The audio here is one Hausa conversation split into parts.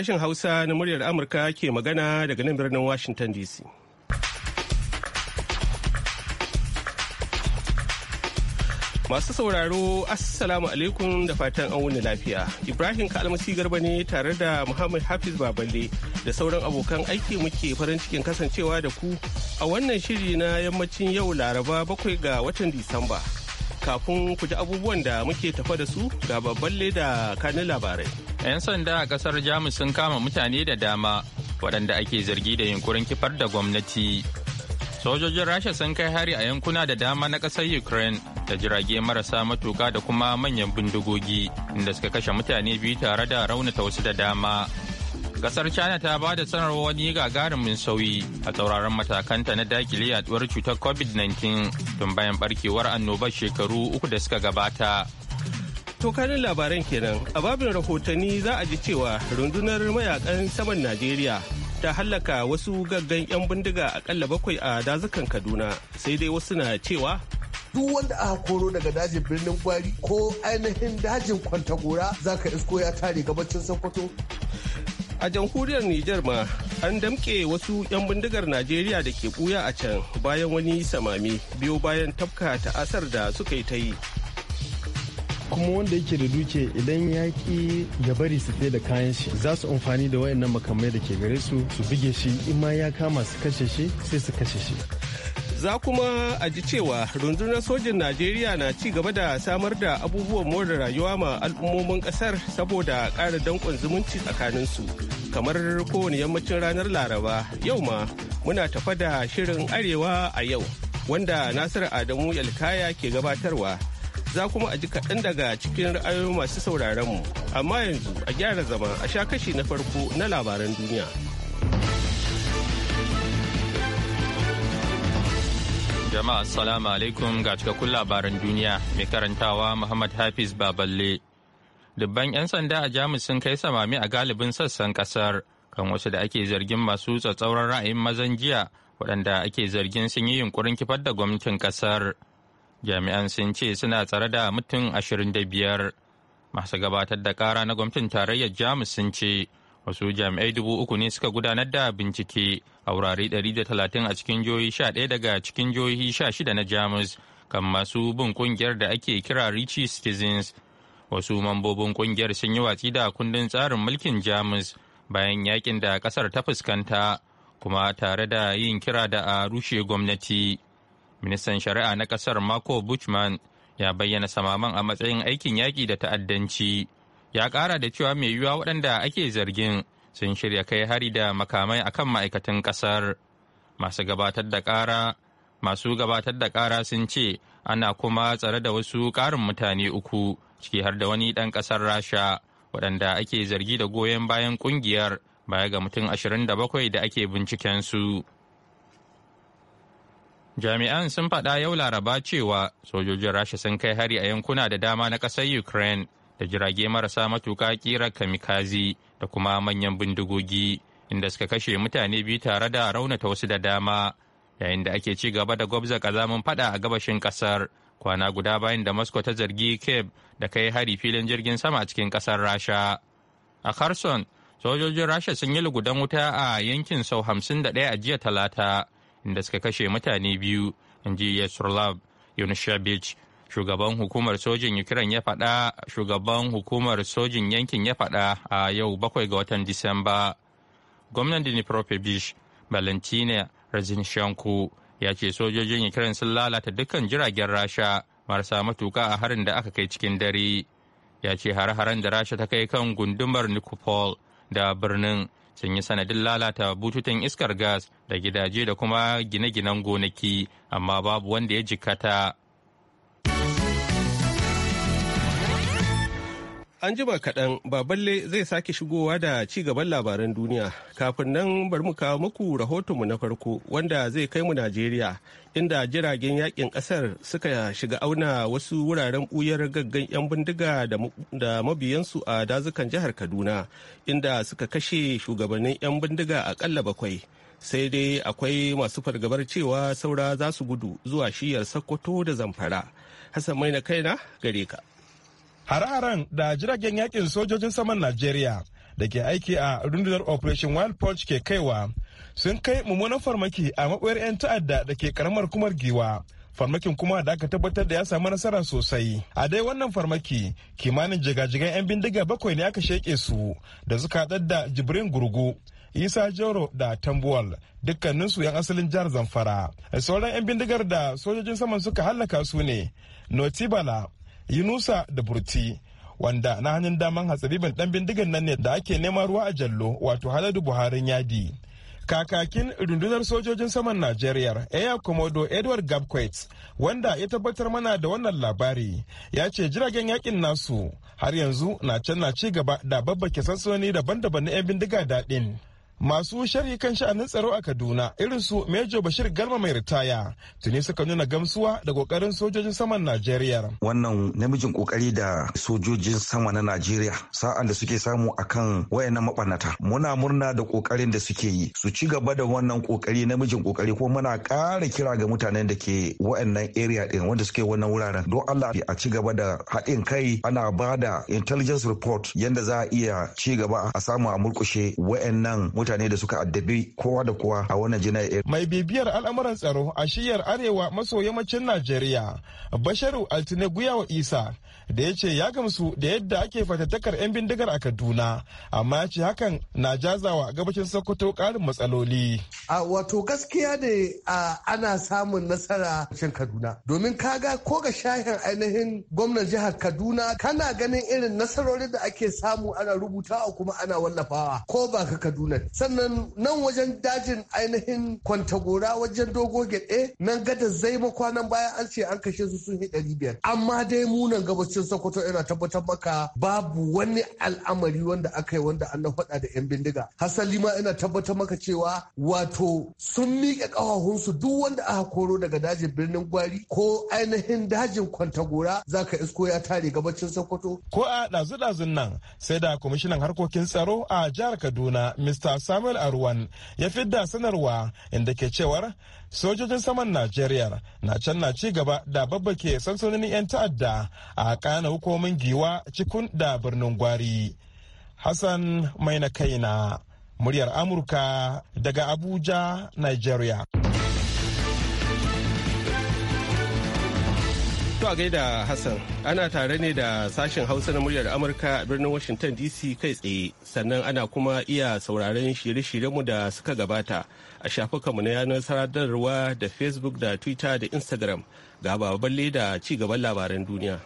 Sashen Hausa na muryar Amurka ke magana daga nan birnin Washington DC. Masu sauraro, Assalamu alaikum da fatan an wuni lafiya. Ibrahim Kalmasi Garba ne tare da Muhammad Hafiz Baballe da sauran abokan aiki muke farin cikin kasancewa da ku a wannan shiri na yammacin yau Laraba bakwai ga watan Disamba. kafin ku ji abubuwan da muke tafa da su ga babban leda kanin labarai. 'Yan sanda a kasar Jamus sun kama mutane da dama waɗanda ake zargi da yunkurin kifar da gwamnati. Sojojin Rasha sun kai hari a yankuna da dama na ƙasar Ukraine da jirage marasa matuka da kuma manyan bindigogi inda suka kashe mutane biyu tare da raunata wasu da dama. Kasar China ta ba da sanarwa wani gagarumin sauyi a tsauraran matakanta na dakile yaduwar cutar COVID-19 tun bayan barkewar annobar shekaru uku da suka gabata. To kanin labaran kenan, a babin rahotanni za a ji cewa rundunar mayakan saman Najeriya ta hallaka wasu gaggan 'yan bindiga akalla bakwai a dazukan Kaduna, sai dai wasu na cewa duk wanda aka koro daga dajin birnin gwari ko ainihin dajin kwantagora za ka isko ya tare gabacin sokoto A jamhuriyar Nijar ma an damƙe wasu 'yan bindigar Najeriya da ke ɓuya a can bayan wani samami biyo bayan tafka ta asar da suka yi ta yi. kuma wanda yake da duke idan ya ki ya bari su da kayan shi za su amfani da wayannan makamai da ke gare su su buge shi in ma ya kama su kashe shi sai su kashe shi Za kuma a ji cewa rundunar sojin Najeriya na ci gaba da samar da abubuwan more rayuwa ma al'ummomin ƙasar saboda ƙara danƙon zumunci tsakanin su Kamar kowane yammacin ranar Laraba, yau ma muna tafa da shirin Arewa a yau, wanda Nasiru Adamu Yalkaya ke gabatarwa. za kuma a ji kaɗan daga cikin ra'ayoyin masu mu Amma yanzu a gyara zama a sha kashi na farko na labaran duniya. Jama'a assalamu alaikum ga cikakkun labaran duniya mai karantawa Muhammad Hafiz Baballe. Dubban 'yan sanda a Jamus sun kai samami a galibin sassan kasar kan wasu da ake zargin masu tsatsauran ra'ayin mazan jiya waɗanda ake zargin sun yi yunkurin kifar da gwamnatin kasar. Jami'an sun ce suna tsare da mutum ashirin da biyar. Masu gabatar da kara na gwamnatin tarayyar Jamus sun ce wasu jami'ai dubu uku ne suka gudanar da bincike a wurare talatin a cikin jihohi ɗaya daga cikin jihohi shida na jamus kan masu bin kungiyar da ake kira richie citizens wasu mambobin kungiyar sun yi watsi da kundin tsarin mulkin jamus bayan yakin da kasar ta fuskanta kuma tare da yin kira da a rushe gwamnati ministan shari'a na kasar marco buchman ya bayyana samaman a matsayin aikin yaki da ta'addanci ya kara da cewa mai yiwuwa waɗanda ake zargin sun shirya kai hari da makamai akan ma'aikatan ƙasar masu gabatar da kara masu gabatar da ƙara sun ce ana kuma tsare da wasu ƙarin mutane uku ciki har da wani ɗan ƙasar rasha waɗanda ake zargi da goyon bayan ƙungiyar baya ga mutum 27 da ake binciken su. Jami'an sun faɗa yau Laraba cewa sojojin Rasha sun kai hari a yankuna da dama na ƙasar Ukraine da jirage marasa matuƙa ƙira kamikazi da kuma manyan bindigogi inda suka kashe mutane biyu tare da raunata wasu da dama yayin da ake ci gaba da gwabza kazamin fada a gabashin ƙasar kwana guda bayan da moscow ta zargi kiev da kai hari filin jirgin sama a cikin ƙasar rasha a kherson sojojin rasha sun yi lugudan wuta a yankin sau hamsin da ɗaya a jiya talata inda suka kashe mutane biyu in ji yasurlav yunushevich shugaban hukumar sojin ukraine ya faɗa shugaban hukumar sojin yankin ya faɗa a yau bakwai ga watan disamba gwamnan dnipropetrovsk valentina razinshenko ya ce sojojin ukraine sun lalata dukkan jiragen rasha marasa matuka a harin da aka kai cikin dare ya ce hare-haren da rasha ta kai kan gundumar nikopol da birnin sun yi sanadin lalata bututun iskar gas da gidaje da kuma gine-ginen gonaki amma babu wanda ya jikata An jima kaɗan baballe zai sake shigowa da ci gaban labaran duniya. Kafin nan bari mu kawo muku rahotonmu na farko wanda zai kai mu Najeriya inda jiragen yakin ƙasar suka shiga auna wasu wuraren ɓuyar gaggan 'yan bindiga da mabiyansu a dazukan jihar Kaduna inda suka kashe shugabannin 'yan bindiga aƙalla bakwai. Sai dai akwai masu fargabar cewa saura za su gudu zuwa shiyar Sokoto da Zamfara. Hassan mai na kaina gare ka. Hare-haren da jiragen yakin sojojin saman Najeriya da ke aiki a rundunar Operation Wild Punch ke kaiwa sun kai mummunan farmaki a maɓoyar 'yan ta'adda da ke karamar kumar giwa. farmakin kuma da aka tabbatar da ya samu nasara sosai a dai wannan farmaki kimanin jigajigan 'yan bindiga bakwai ne aka sheke su da suka haɗar da jibrin gurgu isa Jero da tambuwal dukkaninsu 'yan asalin jihar zamfara sauran 'yan bindigar da sojojin saman suka hallaka su ne notibala yunusa da burti wanda na hannun daman hatsaribin dan bindigan nan ne da ake neman ruwa a jallo wato haladu buharin yadi kakakin rundunar sojojin saman najeriya air komodo edward gabquet wanda ya tabbatar mana da wannan labari ya ce jiragen yakin nasu har yanzu na can na ci gaba da babbake sansoni daban-daban na 'yan bindiga daɗin masu sharhi kan sha'anin tsaro a kaduna irin su mejo bashir galma mai ritaya tuni suka nuna gamsuwa da kokarin sojojin saman najeriya wannan namijin kokari da sojojin sama na najeriya sa'an da suke samu akan wayannan mabannata muna murna da kokarin da suke yi su ci gaba da wannan kokari namijin kokari ko muna kara kira ga mutanen da ke wayannan area din wanda suke wannan wuraren don allah a ci gaba da haɗin kai ana ba da intelligence report yanda za a iya ci gaba a samu a murkushe wayannan mutane mutane da suka addabi kowa da kowa a wannan jina'ir. Mai bibiyar al'amuran tsaro a shiyar arewa maso yammacin Najeriya, Basharu Altine Guyawa Isa, da ya ce ya gamsu da yadda ake fatattakar 'yan bindigar a Kaduna, amma ya ce hakan na jazawa gabashin Sokoto ƙarin matsaloli. A wato gaskiya ne ana samun nasara cikin Kaduna, domin kaga ko ga shahin ainihin gwamnan jihar Kaduna kana ganin irin nasarorin da ake samu ana rubutawa kuma ana wallafawa ko ba ka Kaduna. sannan nan wajen dajin ainihin kwantagora wajen dogo gyaɗe nan gada zai kwanan baya an ce an kashe su sun yi ɗari biyar amma dai munan gabacin sokoto yana tabbatar maka babu wani al'amari wanda aka yi wanda an faɗa da 'yan bindiga hasali ma ina tabbatar maka cewa wato sun miƙe ƙafafunsu duk wanda aka koro daga dajin birnin gwari ko ainihin dajin kwantagora zaka isko ya tare gabacin sokoto ko a ɗazu-ɗazun nan sai da kwamishinan harkokin tsaro a jihar kaduna mr samuel arwan ya fidda sanarwa inda ke cewar sojojin saman najeriya na can na ci gaba da babbake sansanonin 'yan ta'adda a kana hukumomin giwa cikun da birnin gwari hassan mai na kaina muryar amurka daga abuja nigeria To a gaida Hassan, ana tare ne da sashen Hausa na muryar Amurka a birnin Washington DC kai tsaye, sannan ana kuma iya sauraron shirye-shiryenmu da suka gabata a shafukanmu na yanar sadarwa da Facebook da Twitter da Instagram ga baballe leda ci gaban labaran duniya.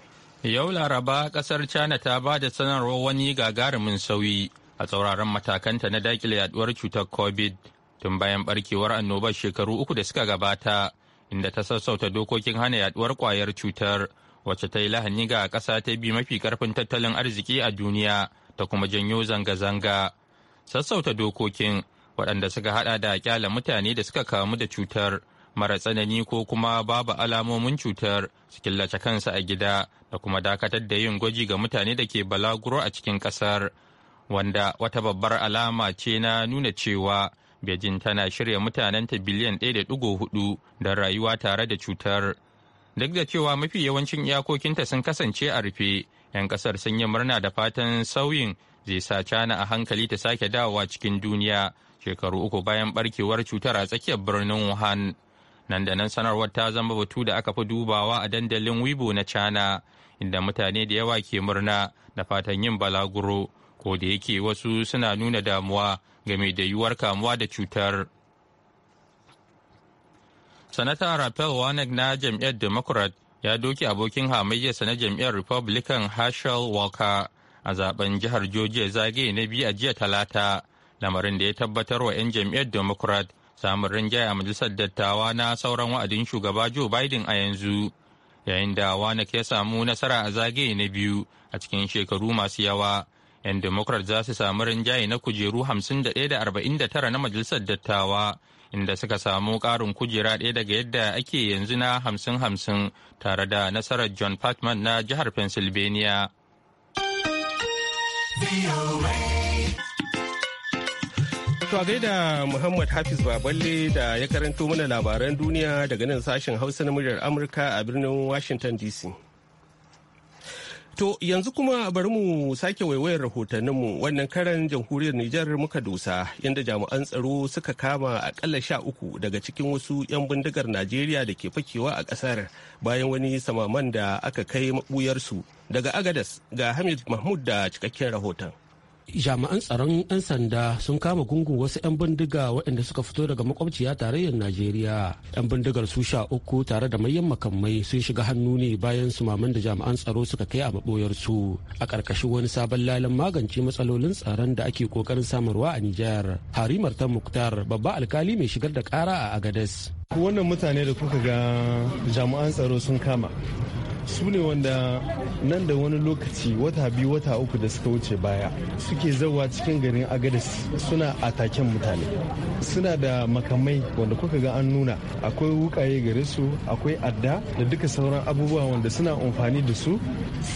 Yau Laraba kasar China ta ba da sanarwar wani gagarumin sauyi a tsauraran matakanta na dakile yaduwar cutar COVID tun bayan barkewar annobar shekaru uku da suka gabata. inda ta sassauta dokokin hana yaduwar kwayar cutar wacce ta yi lahani ga ƙasa ta bi mafi ƙarfin tattalin arziki a duniya ta kuma janyo zanga-zanga. Sassauta dokokin waɗanda suka haɗa da kyala mutane da suka kamu da cutar mara tsanani ko kuma babu alamomin cutar su killace kansu a gida da kuma dakatar da yin gwaji ga mutane da ke balaguro a cikin ƙasar wanda wata babbar alama ce na nuna cewa beijing tana shirya mutanenta biliyan 1.4 da rayuwa tare da cutar duk da cewa mafi yawancin iyakokinta sun kasance a rufe 'yan kasar sun yi murna da fatan sauyin zai sa cana a hankali ta sake dawowa cikin duniya shekaru uku bayan barkewar cutar a tsakiyar birnin wuhan nan da nan sanarwar ta zama batu da aka fi dubawa a dandalin weibo na cana inda mutane da yawa ke murna da fatan yin balaguro ko da yake wasu suna nuna damuwa game da yiwuwar kamuwa da cutar. Sanata Raphael Warnock na jam'iyyar Democrat ya doki abokin hamayyarsa na jam'iyyar Republican Herschel Walker a zaben jihar Georgia zagaye na biyu a jiya talata, lamarin da ya tabbatar wa 'yan jam'iyyar Democrat samun rinjaye a majalisar dattawa na sauran wa'adin shugaba Joe Biden a yanzu. Yayin da Warnock ya samu nasara a zagaye na biyu a cikin shekaru masu yawa 'yan democrat za su samu rinjaye na kujeru 51 da 49 na majalisar dattawa inda suka samu ƙarin kujera ɗaya daga yadda ake yanzu na 50-50 tare da nasarar john patman na jihar pennsylvania To gaida Muhammad Hafiz Baballe da ya karanto mana labaran duniya daga nan sashen Hausa na muryar Amurka a birnin Washington DC. To yanzu kuma bari mu sake waiwayar rahotanninmu wannan karan jamhuriyar Nijar muka dusa inda jami'an tsaro suka kama akalla sha uku daga cikin wasu 'yan bindigar Najeriya da ke fakewa a ƙasar bayan wani samaman da aka kai mabuyarsu, daga Agadas ga Hamid Mahmud da cikakken rahoton. jami'an tsaron 'yan sanda sun kama gungun wasu 'yan bindiga waɗanda suka fito daga makwabciya tarayyar najeriya 'yan bindigar su sha uku tare da mayan makamai sun shiga hannu ne bayan su maman da jami'an tsaro suka kai a maɓoyarsu a ƙarƙashin wani sabon lalan magance matsalolin tsaron da ake ƙoƙarin samarwa a nijar harimar ta muktar babba alkali mai shigar da ƙara a agadas wannan mutane da kuka ga jami'an tsaro sun kama su ne wanda nan da wani lokaci wata biyu wata uku da suka wuce baya suke zauwa cikin garin agadis suna ataken mutane suna da makamai wanda kuka ga an nuna akwai wukaye gare su akwai adda da duka sauran abubuwa wanda suna amfani da su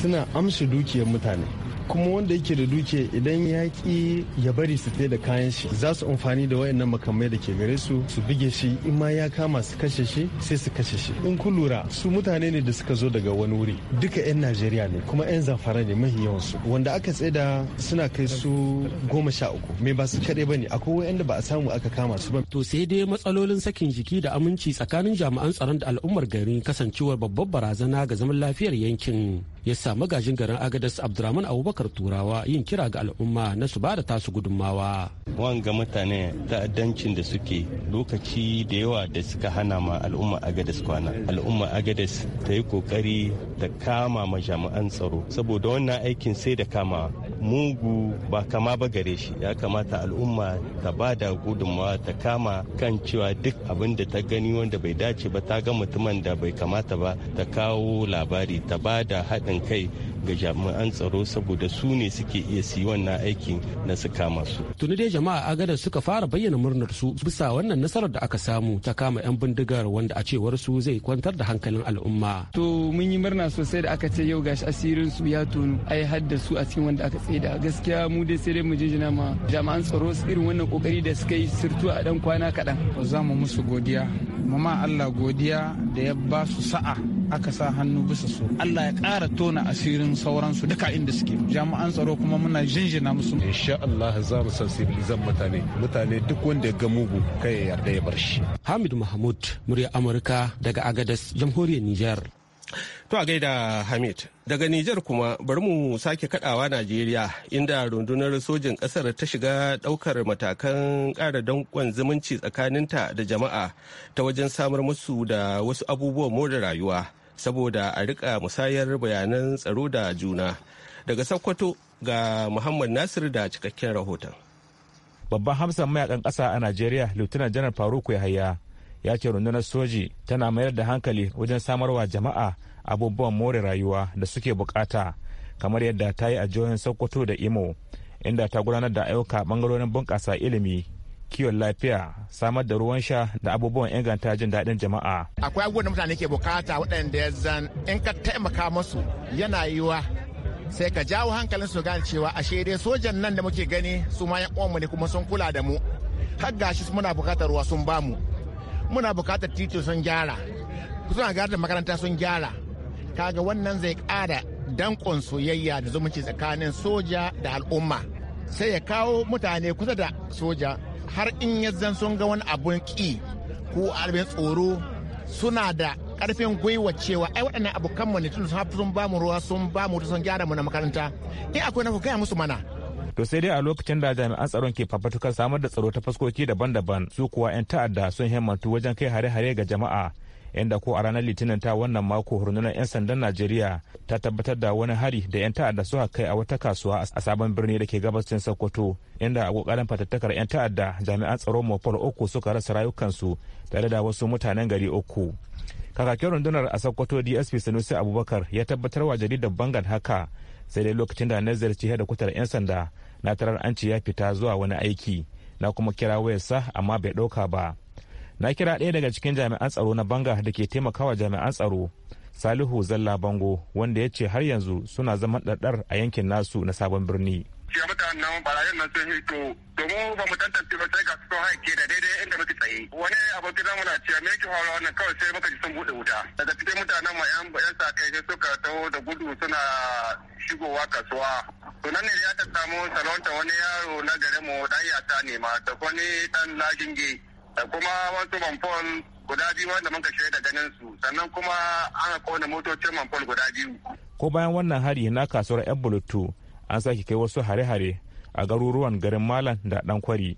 suna amshi dukiyar mutane kuma wanda yake da duke idan ya ki ya bari su da kayan shi za su amfani da wayannan makamai da ke gare su su bige shi in ma ya kama su kashe shi sai su kashe shi in kun lura su mutane ne da suka zo daga wani wuri duka 'yan najeriya ne kuma 'yan zamfara ne mahi yawansu wanda aka tsaida suna kai su goma sha uku me ba su kaɗai ba ne akwai wayanda ba a samu aka kama su ba to sai dai matsalolin sakin jiki da aminci tsakanin jami'an tsaron da al'ummar gari kasancewar babbar barazana ga zaman lafiyar yankin ya samu gajin garin agadas abdurrahman abubakar turawa yin kira ga al'umma na su bada tasu gudunmawa wanga mutane ta'addancin da suke lokaci da yawa da suka hana ma al'umma agadas kwana al'umma agadas ta yi kokari da kama ma jami'an tsaro saboda wannan aikin sai da kama mugu ba kama ba gare shi ya kamata al'umma ta ba da gudunmawa ta kama kan cewa duk abin da ta gani wanda bai dace ba ta ga mutumin da bai kamata ba ta kawo labari ta ba da haɗin haɗin kai ga jami'an tsaro saboda su ne suke iya su yi wannan aikin na su kama su. Tuni dai jama'a agadar suka fara bayyana murnar su bisa wannan nasarar da aka samu ta kama 'yan bindigar wanda a cewar su zai kwantar da hankalin al'umma. To mun yi murna sosai da aka ce yau gashi asirin su ya tonu ai har da su a cikin wanda aka tsaida gaskiya mu dai sai dai mu jinjina ma jami'an tsaro su irin wannan kokari da suka yi sirtu a dan kwana kaɗan. Za mu musu godiya, mama Allah godiya da ya ba su sa'a aka sa hannu bisa su Allah ya ƙara tona asirin sauransu duka inda suke jami'an tsaro kuma muna jinjina musu insha Allah za mu sensibilizan mutane mutane duk wanda ya ga mugu kai ya yarda ya bar shi Hamid Mahmud murya Amurka daga Agadez jamhuriyar Niger To a gaida Hamid. Daga Nijar kuma bari mu sake kadawa Najeriya inda rundunar sojin kasar ta shiga daukar matakan kara dankon zumunci tsakaninta da jama'a ta wajen samar musu da wasu abubuwan more rayuwa. saboda a rika musayar bayanan tsaro da juna daga sokoto ga muhammad nasir da cikakken rahoton babban hamsan mayakan ƙasa a najeriya lieutenant janar faruk yahaya ya ce rundunar soji tana mayar da hankali wajen samarwa jama'a abubuwan more rayuwa da suke bukata kamar yadda ta yi a jihohin sokoto da imo inda ta gudanar da ayyuka bangarorin bunƙasa ilimi kiwon lafiya samar da ruwan sha da abubuwan inganta jin daɗin jama'a akwai abubuwan da mutane ke bukata waɗanda ya zan in ka taimaka musu yana yiwa sai ka jawo hankalin su gane cewa a dai sojan nan da muke gani su ma uwanmu ne kuma sun kula da mu har gashi muna bukatar ruwa sun bamu muna bukatar titi sun gyara suna gara da makaranta sun gyara kaga wannan zai kara dankon soyayya da zumunci tsakanin soja da al'umma sai ya kawo mutane kusa da soja har in yanzan sun ga wani abun ki ko abin tsoro suna da karfin gwiwa cewa ai waɗannan abokan mu ne tun sun ba mu ruwa sun ba mu sun gyara mu na makaranta in akwai na ku gaya musu mana to sai dai a lokacin da jami'an tsaron ke fafatukar samar da tsaro ta fuskoki daban-daban su kuwa 'yan ta'adda sun himmatu wajen kai hare-hare ga jama'a inda ko a ranar litinin ta wannan mako rundunar 'yan sandan najeriya ta tabbatar da wani hari da 'yan ta'adda suka kai a wata kasuwa a sabon birni da ke gabashin sokoto inda a kokarin fatattakar 'yan ta'adda jami'an tsaro mafar uku suka rasa rayukansu tare da wasu mutanen gari uku kakakin rundunar a sokoto dsp sanusi abubakar ya tabbatar wa jaridar bangan haka sai dai lokacin da na ziyarci da kutar 'yan sanda na tarar an ci ya fita zuwa wani aiki na kuma kira wayarsa amma bai ɗauka ba na kira ɗaya daga cikin jami'an tsaro na banga da ke taimakawa jami'an tsaro salihu zalla bango wanda ya ce har yanzu suna zaman ɗaɗɗar a yankin nasu na sabon birni jiya mutanen barayin nan sun hito domin ba mu tantance ba sai ga sun haike da daidai inda muke tsaye wani abokin zamu na cewa me yake faruwa wannan kawai sai muka ji sun bude wuta daga cikin mutanen mu yan yan sa sai suka taho da gudu suna shigowa kasuwa to nan ne ya ta samu salonta wani yaro na garin mu dan yata ne ma da wani dan lajinge da kuma wasu manfol guda biyu wanda muka shaida ganin su sannan kuma ana kona motocin manfol guda biyu. Ko bayan wannan hari na kasuwar 'yan bulutu an sake kai wasu hare-hare a garuruwan garin Malam da dan kwari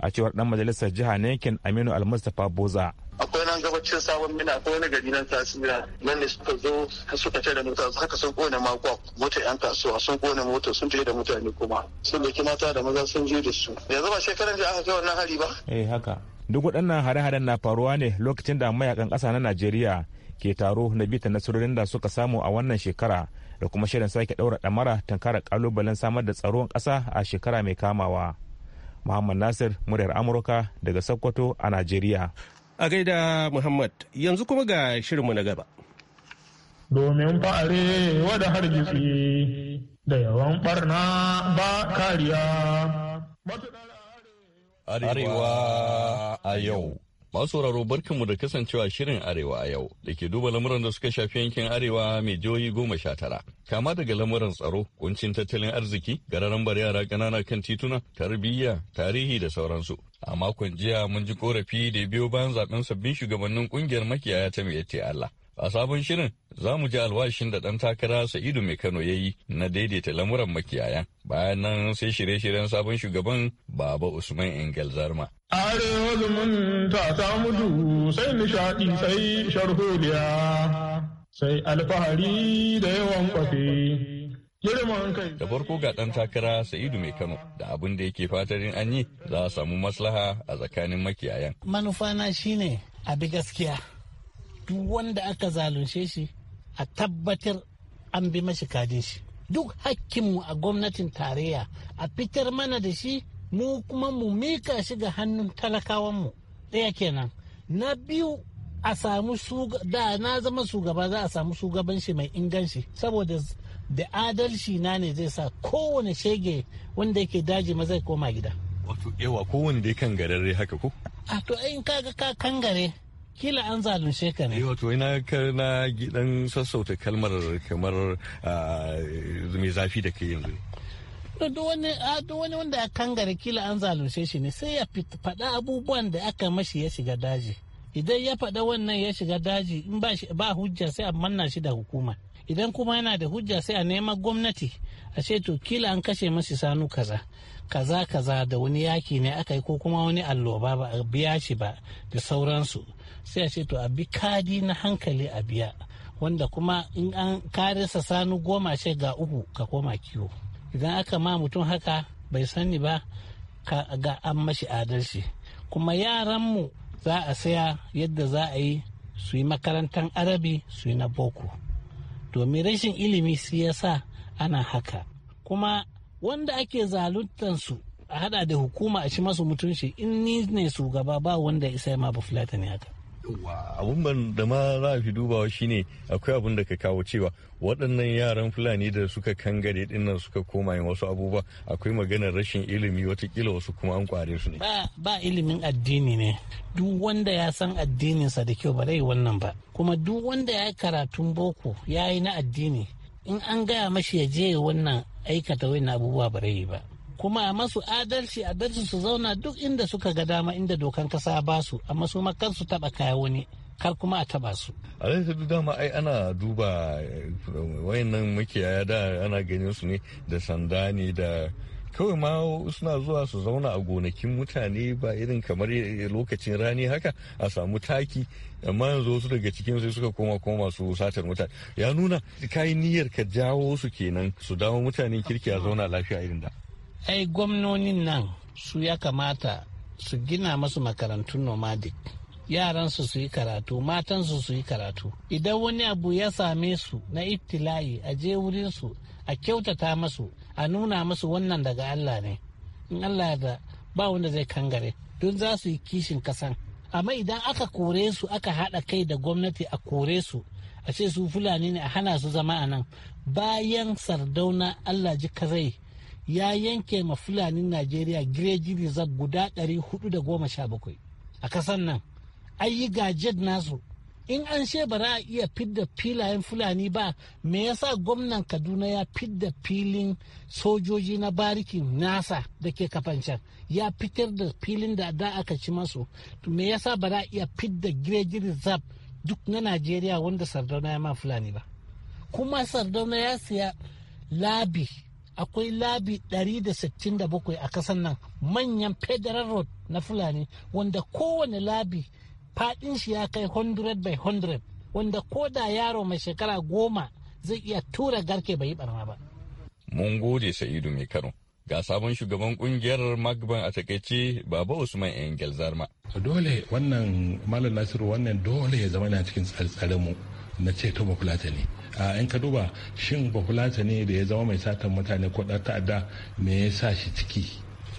a cewar dan majalisar jiha na yankin Aminu Almustapha Boza. akwai nan gabacin sabon mina akwai wani gari nan tasira nan ne suka zo suka tare da mota haka sun kone magwa mota yan kasuwa sun kone mota sun je da mutane kuma sun dauki mata da maza sun je da su yanzu ba shekaran da aka kai wannan hari ba eh haka duk waɗannan hare-haren na faruwa ne lokacin da mayakan ƙasa na najeriya ke taro na bita nasarorin da suka samu a wannan shekara da kuma shirin sake ɗaura ɗamara tankara ƙalubalen samar da tsaron ƙasa a shekara mai kamawa muhammad nasir muryar amurka daga sokoto a najeriya a gaida muhammad yanzu kuma ga shirinmu na gaba domin fa'are wada hargitsi da yawan barna ba kariya Arewa a yau. Masu sauraro barkanmu da kasancewa shirin Arewa a yau da ke duba lamuran da suka shafi yankin Arewa mai jihohi goma sha tara. Kama daga lamuran tsaro, kuncin tattalin arziki, gararan bar yara ƙanana kan tituna, tarbiyya, tarihi da sauransu. A makon jiya mun ji korafi da biyo bayan zaben sabbin shugabannin kungiyar makiyaya ta mai Allah. A sabon shirin za mu ji alwashin da ɗan takara Sa'idu Mai Kano ya yi na daidaita lamuran makiyaya. Bayan nan sai shirye-shiryen sabon shugaban Baba Usman Engel Zarma. Arewa ta mudu, sai nishaɗi sai sharholiya sai alfahari da yawan kwafe. Da farko ga ɗan takara Sa'idu Mai Kano da abin da yake fatarin an yi za a samu maslaha a tsakanin makiyayan. Manufana shine a bi gaskiya. duk wanda aka zalunce shi a tabbatar an bi mashi kadin shi duk hakkinmu a gwamnatin tarayya a fitar mana da shi mu kuma mu mika shi ga hannun talakawanmu ɗaya kenan na biyu a samu da na zama shugaba za a samu shi mai inganci saboda da adalci na ne zai sa kowane shege wanda yake daji ma zai koma gida wato yawa kowane dai kan haka ko a to in kaga ka kangare kila an zalunce ka ne. wato ina na gidan sassauta kalmar kamar mai zafi da ke yanzu. duk wani wanda ya kangare kila an zalunce shi ne sai ya faɗa abubuwan da aka mashi ya shiga daji idan ya faɗa wannan ya shiga daji in ba hujja sai a manna shi da hukuma idan kuma yana da hujja sai a nema gwamnati a ce to kila an kashe masa sanu kaza kaza kaza da wani yaki ne aka yi ko kuma wani alloba ba a biya shi ba da sauransu sai a ce to a bi kadi na hankali a biya wanda kuma in an karisa sanu goma ce ga uku ka koma kiwo idan aka ma mutum haka bai sani ba ga an mashi adalci kuma yaranmu za a saya yadda za a yi su yi makarantar arabi su yi na boko domin rashin ilimi su ya sa ana haka kuma wanda ake su a hada da hukuma a ci masu mutunci in ni ne su gaba ba wanda isa ma ba fulata ne haka abun ban da ma za a fi dubawa shine akwai abun da ka kawo cewa waɗannan yaran fulani da suka kangare dinnan suka koma yin wasu abubuwa akwai maganar rashin ilimi watakila wasu kuma an kware su ne ba ilimin addini ne duk wanda ya san addininsa da kyau ba zai wannan ba kuma duk wanda ya karatun boko ya yi na addini in an gaya mashi ya je wannan aikata wani abubuwa ba ba kuma a masu adalci a darsu su zauna duk inda suka ga dama inda dokan kasa ba su amma su makar su taba kaya wani kar kuma a taba su a zai dama ai ana duba wayannan makiyaya da ana ganin su ne da sanda ne da kawai ma suna zuwa su zauna a gonakin mutane ba irin kamar lokacin rani haka a samu taki amma yanzu wasu daga cikin sai suka koma koma su satar mutane ya nuna kayi niyyar ka jawo su kenan su dawo mutanen kirki a zauna lafiya irin da ai gwamnonin nan su ya kamata su gina masu makarantun nomadic yaransu su yi karatu matansu su yi karatu idan wani abu ya same su na ibtila'i a je wurinsu a kyautata masu a nuna masu wannan daga allah ne in allah da ba wanda zai kangare don za su yi kishin kasan amma idan aka kore su aka haɗa kai da gwamnati a kore su a ce su fulani ne a hana su zama a nan bayan sardauna allah ji kazai ya yanke ma fulanin najeriya gireji rizab guda 417 a kasar nan an yi gajet nasu in an ce ba za a iya fidda filayen fulani ba me yasa gwamnan kaduna ya fidda filin sojoji na barikin nasa da ke kafancan ya fitar da filin da da aka ci masu me yasa ba za a iya fidda gireji rizab duk na najeriya wanda sardauna ya ma fulani ba kuma sardauna ya siya labi akwai labi 167 a kasan nan manyan federal road na fulani wanda kowane labi fadin shi ya kai 100 by 100 wanda ko da yaro mai shekara goma zai iya tura garke bai yi barna ba. Mun gode Sa'idu mai karo. Ga sabon shugaban kungiyar Magban a takaice Baba Usman Engel Zarma. Dole wannan Malam Nasiru wannan dole ya zama na cikin tsare mu. na to bakulata ne a in ka duba shin bakulata ne da ya zama mai satan mutane ko ɗan ta'adda me ya sa shi ciki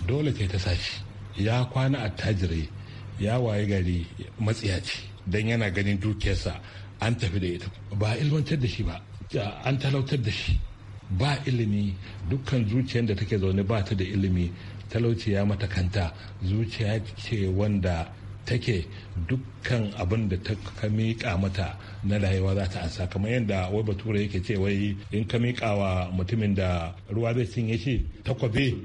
dole kai ta sa shi ya kwana a tajire ya waye gari matsiyaci don yana ganin dukiyarsa an tafi da ita ba ilmantar da shi ba an talautar da shi ba ilimi dukkan zuciyar da take zaune ba ta da ilimi talauci ya mata kanta zuciya ce wanda take dukkan abin da ta ka miƙa mata na rayuwa za ta ansa kamar yadda wai bature yake ce wai in ka miƙa wa mutumin da ruwa zai cinye shi takwabe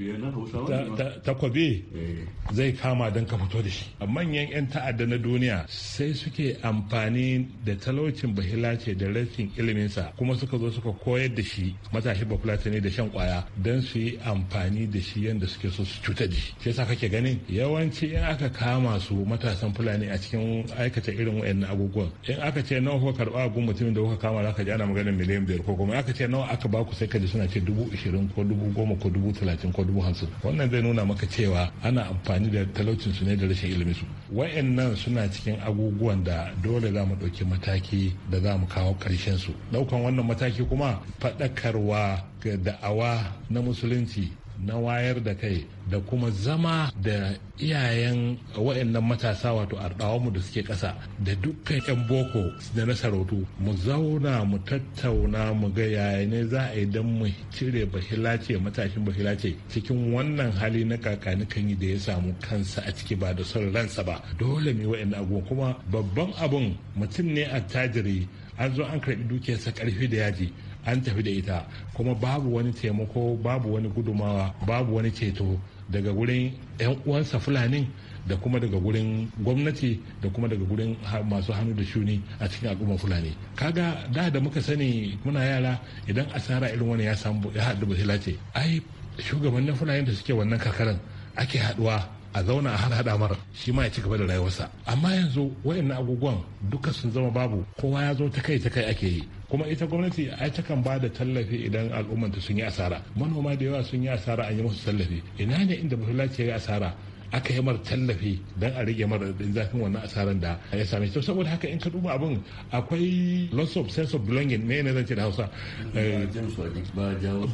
eh. zai kama don ka fito da shi manyan 'yan ta'adda na duniya sai suke amfani da talaucin bahila ce da rashin iliminsa kuma suka zo suka koyar da shi matashi ne da shan kwaya don su yi amfani da shi yadda suke so su cutar da shi kake ganin yawanci in aka kama su matashi matasan fulani a cikin aikata irin wayannan abubuwan in aka ce nawa kuka karba gun mutumin da kuka kama za ka ji ana maganar miliyan biyar ko kuma aka ce nawa aka baku sai ka ji suna ce dubu ishirin ko dubu goma ko dubu talatin ko dubu hamsin wannan zai nuna maka cewa ana amfani da talaucin su ne da rashin ilimin su wayannan suna cikin abubuwan da dole za mu ɗauki mataki da za mu kawo ƙarshen su ɗaukan wannan mataki kuma faɗakarwa ga da'awa na musulunci na wayar da kai da kuma zama da iyayen waɗannan matasa wato mu da suke ƙasa da dukkan 'yan boko da na sarautu mu zauna mu tattauna mu ga yaya ne za a yi don mu cire bahilace matashin bahilace cikin wannan hali na kakani kan yi da ya samu kansa a ciki ba da son ransa ba dole mu waɗannan abubuwan kuma babban abun mutum ne attajiri an zo an karɓi dukiyarsa ƙarfi da yaji an tafi da ita kuma babu wani taimako babu wani gudumawa babu wani ceto daga wurin 'yan uwansa fulanin da kuma daga gurin gwamnati da kuma daga gurin masu hannu da shuni a cikin al'ummar fulani kaga da da muka sani muna yara idan asara irin wani ya samu ya haɗu basila ce ai shugabannin fulani da suke wannan kakaran ake haɗuwa a zauna a har haɗa mara shi ma ya ci gaba da rayuwarsa amma yanzu wayannan agogon duka sun zama babu kowa ya zo ta kai ta kai ake yi kuma ita gwamnati ai takan ba da tallafi idan al'ummanta sun yi asara manoma da yawa sun yi asara an yi musu tallafi ina ne inda bafulaci ya yi asara aka yi mar tallafi don a rage mara zafin wannan asaran da ya same shi saboda haka in ka duba abun akwai loss of sense of belonging me ne zan ce da Hausa eh,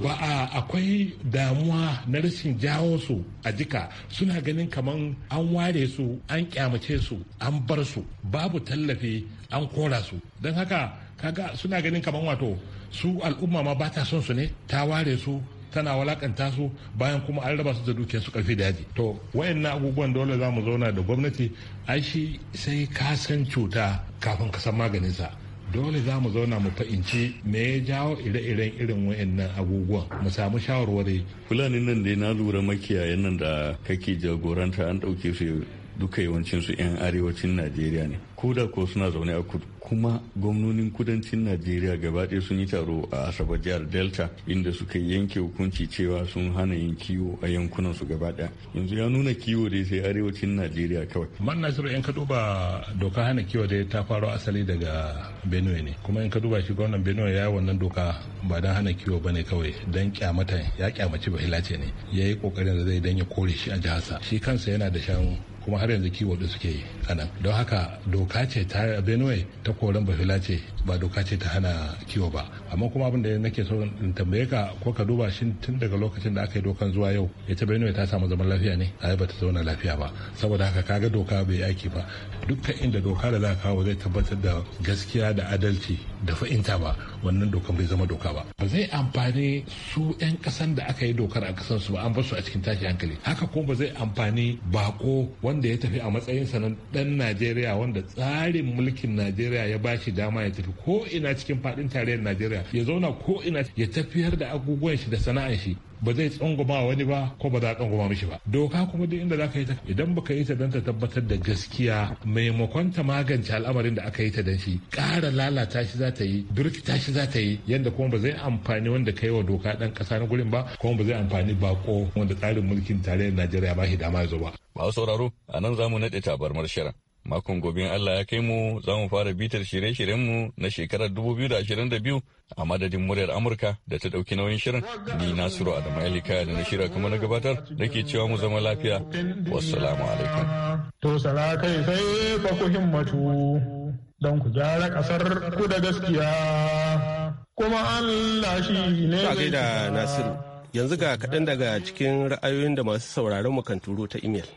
ba a akwai damuwa na rashin jawo su a jika suna ganin kaman an ware su an kyamace su an bar su babu tallafi an kora su don haka kaga suna ganin kamar wato su al'umma ma ba ta son su ne ta ware su tana walakanta su bayan kuma an raba su da dukiyar su karfi daji to to wayannan abubuwan dole za mu zauna da gwamnati ai shi sai ka san cuta kafin ka san maganin sa dole za mu zauna mu fahimci me ya jawo ire-iren irin wayannan abubuwan mu samu shawarwari fulani nan dai na lura makiyayan nan da kake jagoranta an ɗauke su duka yawancin su 'yan arewacin najeriya ne ko da ko suna zaune a kudu kuma gwamnonin kudancin najeriya gaba ɗaya sun yi taro a asabar jihar delta inda suka yanke hukunci cewa sun hana yin kiwo a yankunan su gaba ɗaya yanzu ya nuna kiwo dai sai arewacin najeriya kawai man nasiru in ka duba doka hana kiwo dai ta faro asali daga benue ne kuma in ka duba shi gwamnan benue ya yi wannan doka ba don hana kiwo ba ne kawai don kyamata ya kyamaci bahilace ne ya yi kokarin da zai dan ya kore shi a jihar sa. shi kansa yana da shanu kuma har yanzu kiwo suke yi a nan don haka doka ce ta benue ta koren bafila ce ba doka ce ta hana kiwo ba amma kuma abin da nake so in tambaye ka ko ka duba shi tun daga lokacin da aka yi dokan zuwa yau ita benue ta samu zaman lafiya ne a ba ta zauna lafiya ba saboda haka kaga doka bai aiki ba dukkan inda doka da za kawo zai tabbatar da gaskiya da adalci da fa'inta ba wannan dokan bai zama doka ba ba zai amfani su 'yan kasan da aka yi dokar a kasan su ba an bar su a cikin tashi hankali haka ko ba zai amfani bako wanda wanda ya tafi a matsayinsa na ɗan najeriya wanda tsarin mulkin najeriya ya ba shi dama ya tafi ko ina cikin faɗin tarayyar najeriya ya zauna ko ina ya tafiyar da abubuwan shi da sana'ar shi ba zai tsangwama wani ba ko ba za a tsangwama mishi ba doka kuma duk inda za ka yi ta idan baka yi ta dan ta tabbatar da gaskiya maimakon ta magance al'amarin da aka yi ta dan shi ƙara lalata shi za ta yi ta shi za ta yi yadda kuma ba zai amfani wanda ka yi wa doka ɗan ƙasa na gurin ba kuma ba zai amfani bako wanda tsarin mulkin tarayyar najeriya ba shi dama ya zo ba. sauraro a nan za mu naɗe tabarmar shirin Makon gobe Allah ya kai mu za mu fara bitar shirye-shiryenmu na shekarar 2022 a madadin muryar Amurka da ta ɗauki nauyin shirin. Ni Nasiru Adamu Alika da na shirya kuma na gabatar da ke cewa mu zama lafiya. Wassalamu alaikum. To sala kai sai fa ku himmatu don ku gyara ƙasar ku da gaskiya. Kuma Allah shi ne. Ka gaida Nasiru. Yanzu ga kaɗan daga cikin ra'ayoyin da masu sauraron mu kan turo ta imel.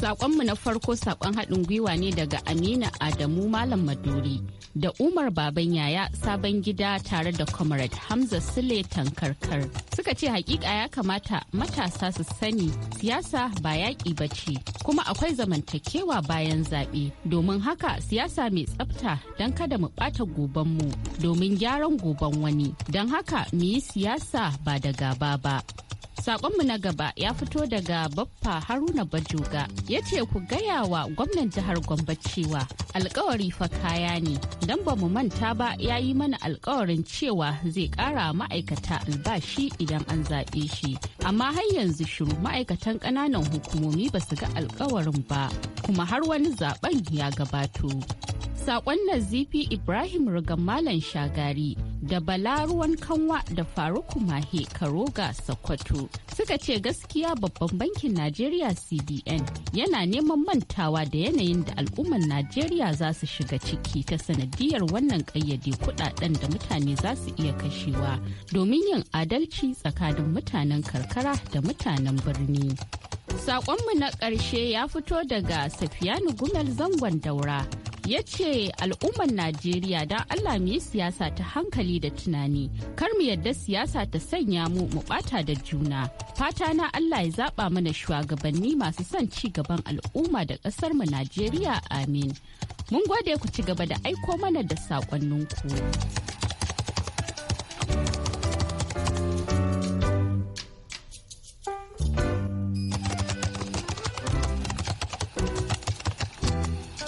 Sakonmu na farko sakon haɗin gwiwa ne daga Amina Adamu Malam Maduri da Umar Baban Yaya Sabon Gida tare da Comrade Hamza Sule Tankarkar. Suka ce hakika ya kamata matasa su sani siyasa ba yaƙi ba ce kuma akwai zamantakewa bayan zaɓe. Domin haka siyasa mai tsafta don kada mu ɓata gobanmu domin gyaran goban wani. Don haka mu yi siyasa ba da gaba ba. Sakonmu na gaba ya fito daga Baffa Haruna Bajoga ya ce ku gaya wa gwamnan jihar Gombe cewa alkawari fa kaya ne don ba mu manta ba ya yi mana alkawarin cewa zai kara ma'aikata albashi idan an zaɓe shi. Amma har yanzu shiru ma'aikatan ƙananan hukumomi ba su ga alkawarin ba kuma har wani zaben ya gabato. Sakon Nazifi Ibrahim Malam Shagari da Bala Ruwan Kanwa da Faruku Mahe Karoga Sokoto suka ce gaskiya babban bankin Najeriya CBN yana neman mantawa da yanayin da al'ummar Najeriya za su shiga ciki ta sanadiyar wannan ƙayyade kudaden da mutane za su iya kashewa domin yin adalci tsakanin mutanen karkara da mutanen birni. Sakonmu na ƙarshe ya fito daga Safiyanu Gumel Zangon Daura ya ce al'ummar najeriya don allah mu yi siyasa ta hankali da tunani kar mu yadda siyasa ta sanya mu mu bata da juna fata na allah ya zaba mana shugabanni masu son ci gaban al'umma da kasar mu najeriya amin mun gode ku ci gaba da aiko mana da saƙonninku.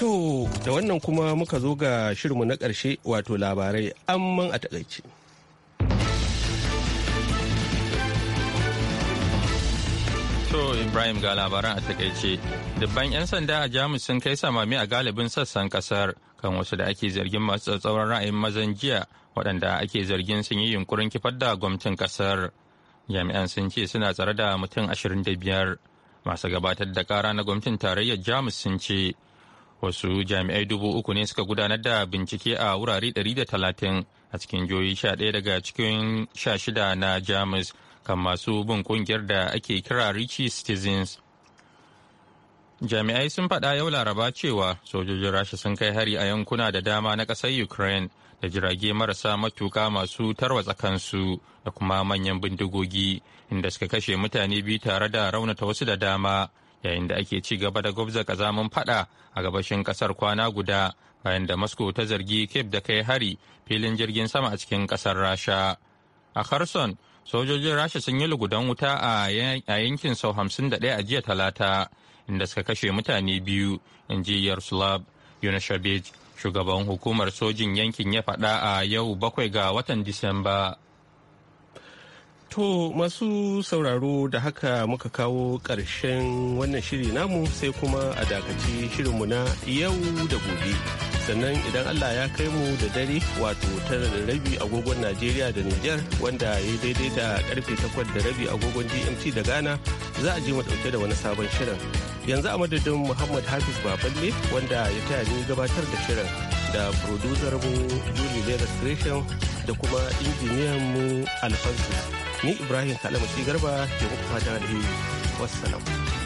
To, da wannan kuma muka zo ga shirinmu na ƙarshe wato labarai amman a takaice. To, Ibrahim ga labaran a takaice. Dubban 'yan sanda a Jamus sun kai samami a galibin sassan kasar kan wasu da ake zargin masu tsatsauran ra'ayin mazan jiya waɗanda ake zargin sun yi yunkurin kifar da gwamnatin kasar. Jami'an sun ce suna tsare da mutum 25 masu gabatar da kara na gwamnatin tarayyar Jamus sun ce wasu jami'ai dubu uku ne suka gudanar da bincike a wurare 130 a cikin sha 11 daga cikin sha-shida na jamus kan masu bin kungiyar da ake kira richie citizens jami'ai sun faɗa yau laraba cewa sojojin rasha sun kai hari a yankuna da dama na ƙasar ukraine da jirage marasa matuka masu tarwatsa kansu da kuma manyan bindigogi inda suka kashe mutane biyu tare da raunata wasu da dama yayin da ake ci gaba da gwabza kazamin fada a gabashin kasar kwana guda bayan da moscow ta zargi cape da kai hari filin jirgin sama a cikin kasar rasha a kherson sojojin rasha sun yi lugudan wuta a yankin sau hamsin da 51 a jiya talata inda suka kashe mutane biyu in ji yaroslav yunashabej shugaban hukumar sojin yankin ya faɗa a yau bakwai ga watan disamba To masu sauraro da haka muka kawo ƙarshen wannan shiri namu sai kuma a dakaci shirinmu na yau da gobe. Sannan idan Allah ya kai mu da dare wato tara da rabi agogon Najeriya da Nijar wanda ya daidai da karfe takwas da rabi agogon GMT da Ghana za a je mu ɗauke da wani sabon shirin. Yanzu a madadin Muhammad Hafiz Baballe wanda ya taya ni gabatar da shirin da producer mu Julie da kuma injiniyan mu Alfonso. ni ibrahim shi garba ke muku fatan alheri wassalam